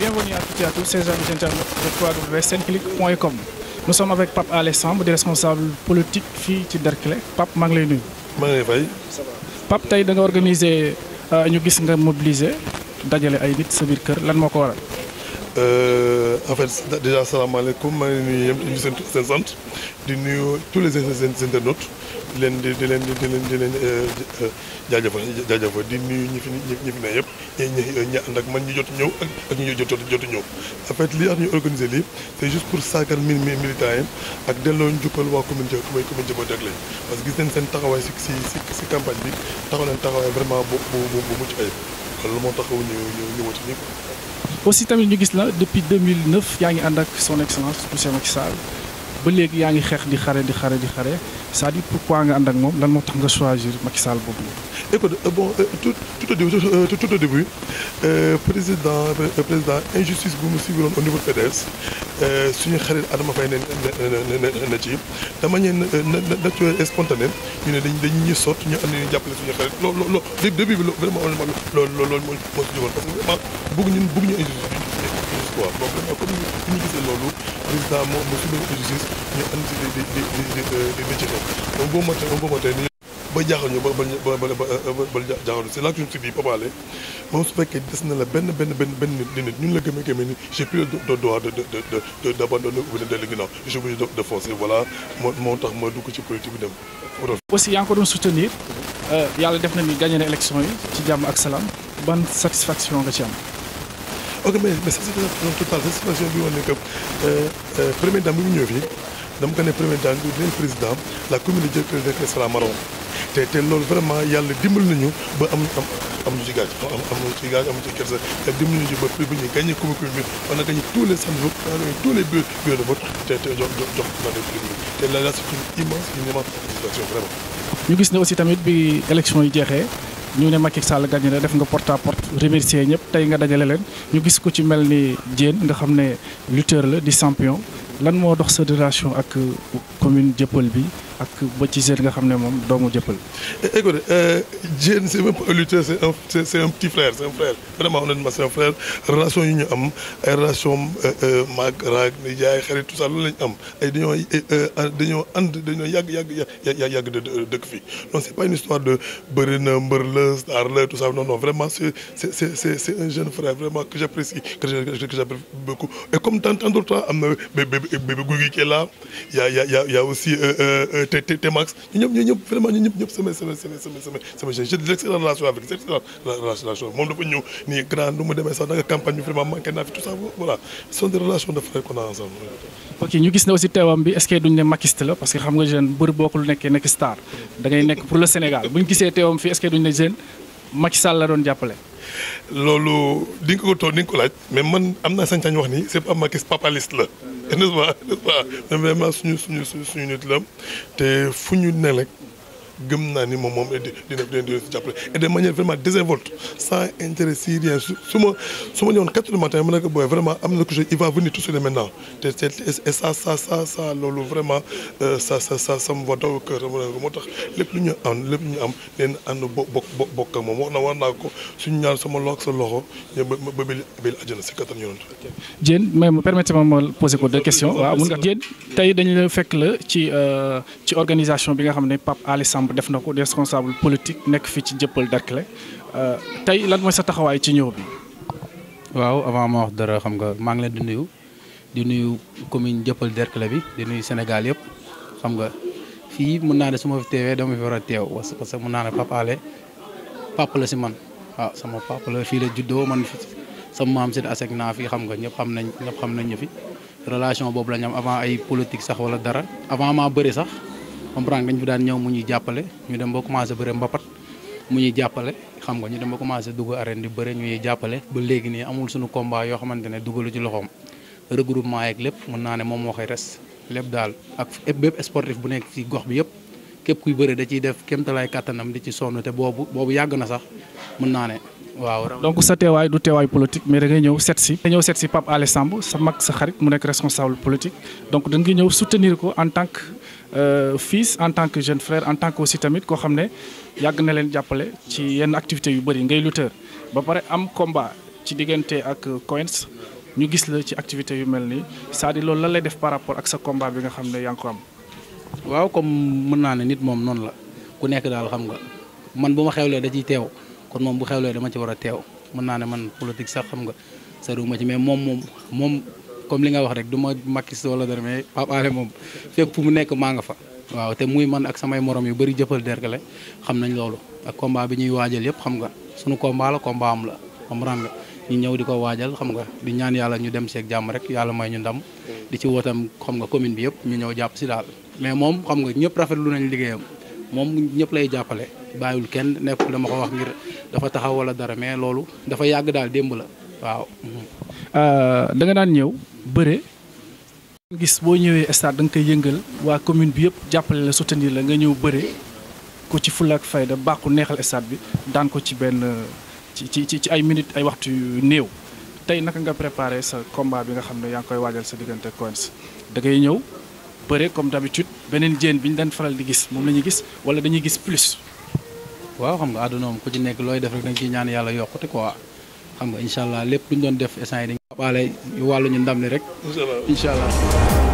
Bienvenue à toutes et à tous, chers amis internautes de www.senclic.com nous sommes avec Pape Alé Samb di responsable politique fii ci Derklé Pape maa lay nuyu. maa tey da nga organiser euh, ñu gis nga mobiliser dajale ay nit sa biir kër lan moo ko waral. Euh, en fait déjà salaamaaleykum maa ngi nuyu yëpp di nuyu seen seen sant di nuyu tous les internautes di leen di di leen di leen di leen euh, euh, jaajëfal jaajëfal di nuyu ñi fi ñi fi yëpp ñi ñi ànd ak man ñi jot ñëw ak ak ñi jot jotu ñëw. en fait lii ak ñu organiser lii c' est juste pour saagar mi mi militants yi ak delloo njukkal waa commune Dieuppeul commune commune Dieuppeul Derklé parce que gis nañ seen taxawaay si si si si campagne bi taxaw leen taxawaay vraiment bu bu bu mucc ayib loolu moo taxaw ñu ñu ñu wati nii aussi tamit ñu gis la depuis 2009 yaa ngi ànd ak son excellence monsieur Macky Sall ba léegi yaa ngi xeex di xare di xare di xare c'est-à-dire pourquoi nga ànd ak moom lan moo tax nga choisir Macky Sall boobu la. écoute euh, bon euh, tout tout au début tout euh, au début président président injustice bu mu sibiroon au niveau PDS suñu xarit Adama Faye ne na ci de manière naturelle et spontanée ñu ne dañ dañ ñu sot ñu am nañu jàppale suñu xarit loolu loolu début bi vraiment loolu loolu moo moo si jógoon parce que vraiment bëgg ñun bëgg ñu injustice bi. justice boobu donc dañoo comme ni moom boo boo matee nii ba jaaxal ba ba ba ba ba jaaxal c'est fekkee des na la benn benn benn benn nit nit la gëmee gëmee ni j'ai plus le droit de de de de d'abandonner ou moo moo tax ma dugg ci politique bi dem. aussi yaa ngi ko doon soutenir euh, yàlla def na ni gagné na élection yi ci jàmm ak salaam ban satisfaction nga ci am. ok mais mais ça c'est un total satisfaction bi woon ne que première bi mu ñëw fii dama ko ne première dame bi dinañ président la commune de Dieuppeul nekk sera marron te te loolu vraiment yàlla dimbal nañu ba am am amuñu ci gàcce am amuñu ci gàcce amuñu ci kersa ba prix bi ñuy gagné commune bi on a gagné tous les centres tous les bureaux de vote te te te là là c'est immense une immense satisfaction vraiment. ñu gis ne aussi tamit bi élection yi jeexee. ñu ne Macky Sall gagné na def nga porta à porte remercier ñëpp tey nga dajale leen ñu gis ko ci mel ni Diène nga xam ne lutteur la di champion lan moo dox sa relation ak euh, commune Dieuppeul bi ak ba ci seen nga xam ne moom doomu jëppal. Eh, écoute euh, Diène c' est même pas un lutteur c' est un c' est un petit frère c' est un frère vraiment honnêtement c' est un frère relation yu ñu am ay relation euh, euh, mag dëkk fii non c' pas une histoire de bëri mbër la star la tout ça non non vraiment c' un jeune frère vraiment que j' apprécie que j' apprécie beaucoup et comme tant tant am na bébé bébé guy gi qui est là y' a y' a a aussi. te te Max ñu ñëpp ñu ñëpp vraiment ñu ñëpp ñëpp sama sama sama sama sama j'ai d'excellentes relations avec d'excellentes relations moom dafa ñëw nii grand nu mu demee sax naka campagne bi vraiment manqué naa fi tout ça voilà ce sont des relations de frères qu'on a ensemble ok ñu gis ne aussi teewam bi est-ce que duñ ne makiste la parce que xam nga jeune bëri boo ko lu nekkee nekk star da ngay nekk pour le Sénégal buñ gisee teewam fii est-ce que duñ ne jeune Macky Sall la doon jàppale loolu di nga ko toog di nga ko laaj mais man am naa sañ-sañ wax ni c'est pas Macky papaliste la n'est-ce pas n'est-ce pas vraiment suñu suñu suñu nit la te fu ñu ne rek gëm naa ni moom moom dina dina dina si jàppale et de manière vraiment désinvolte sans intérêt si rien su su ma su ma ñëwoon quatre du matin ma ne ko booy vraiment am na quelque chose il va venir tout de suite maintenant te te et ça ça ça ça loolu vraiment euh, ça ça ça ça me va daw kër moo tax lépp lu ñu am lépp lu ñu am leen ànd bo bokk bokk ak moom wax na war naa ko suñu ñaan sama loxo sa loxo ñoom ba ba ba àjjana si kattan yonent. Diène mais ma permettez ma ma poser ko deux questions waaw mun nga Diène tey dañu la fekk la ci euh, ci organisation bi nga xam ne Pape Alé Samb exemple def na ko di responsable politique nekk fii ci jëppal Derklé euh, tey lan mooy sa taxawaay ci ñëw bi. waaw avant ma wax dara xam nga maa ngi leen di nuyu di nuyu commune jëppal Derklé bi di nuyu Sénégal yëpp xam nga fii mun naa ne su ma fi teewee dama fi war a teew parce que mën naa ne Pape Alé papa la si man waaw ah, sama papa la fii la juddoo man sama maam si asek naa fi xam nga ñëpp xam nañ ñëpp xam nañ ñu fi relation boobu la ñu am avant ay politique sax wala dara avant maa bëri comprendre dañ fi daan ñëw mu ñuy jàppale ñu dem ba commencé bëre mbapat mu ñuy jàppale xam nga ñu dem ba commencé dugg arène di ñuy jàppale ba léegi nii amul suñu combat yoo xamante ne dugalu ci loxoom regroupement yeeg lépp mën naa ne moom moo koy res lépp daal ak bépp ci gox bi yëpp képp kuy bëre da ciy def kéemtalaay kàttanam di ci sonn te boobu boobu yàgg na sax naa ne waaw donc sa teewaay du teewaay politique mais da ngay ñëw sa mag responsable politique donc da ñëw soutenir ko en tant que Euh, fils en tant que jeune frère en tant que aussi tamit koo xam ne yàgg na leen jàppale ci yenn activité yu bëri ngay lutteur ba pare am combat ci diggante ak Coins ñu gis la ci activité yu mel nii cest loolu lan lay def par rapport ak sa combat bi nga xam ne yaa ngi am. waaw comme mën naa ne nit moom noonu la ku nekk daal xam nga man bu ma xewlee da ciy teew kon moom bu xewlee dama ci war a teew mën naa ne man politique sax xam nga saruma ci mais moom moom comme li nga wax rek du makkis wala dara mais Pape moom fépp mu nekk maa nga fa waaw te muy man ak samay moroom yu bëri jëppal derkale xam nañ loolu ak combat bi ñuy waajal yëpp xam nga sunu combat la combat am la comprendre nga ñu ñëw di ko waajal xam nga di ñaan yàlla ñu dem seeg jàmm rek yàlla may ñu ndam di ci wootam xam nga commune bi yëpp ñu ñëw jàpp si daal mais moom xam nga ñëpp rafetlu nañ liggéeyam moom ñëpp lay jàppale bàyyiwul kenn nekkul dama ko wax ngir dafa taxaw wala dara mais loolu dafa yàgg daal démb la waaw euh, bëre gis boo ñëwee stade da nga koy yëngal waa commune bi yëpp jàppale la soutenir la nga ñëw bëre ko ci fulla ak fayda bàqu neexal stade bi daan ko ci benn ci ci ci ay minutes ay waxtu yu néew tey naka nga préparé sa combat bi nga xam ne yaa ngi koy waajal sa diggante Quench da ngay ñëw bëre comme d'habitude beneen jéen bi ñu daan faral di gis moom la ñuy gis wala dañuy gis plus. waaw xam nga àdduna moom ku ci nekk looy def rek dañ ciy ñaan yàlla yokkut quoi xam nga incha allah lépp ñu doon def instant yi jàppale wàllu ñu ndam li rek. incha allah.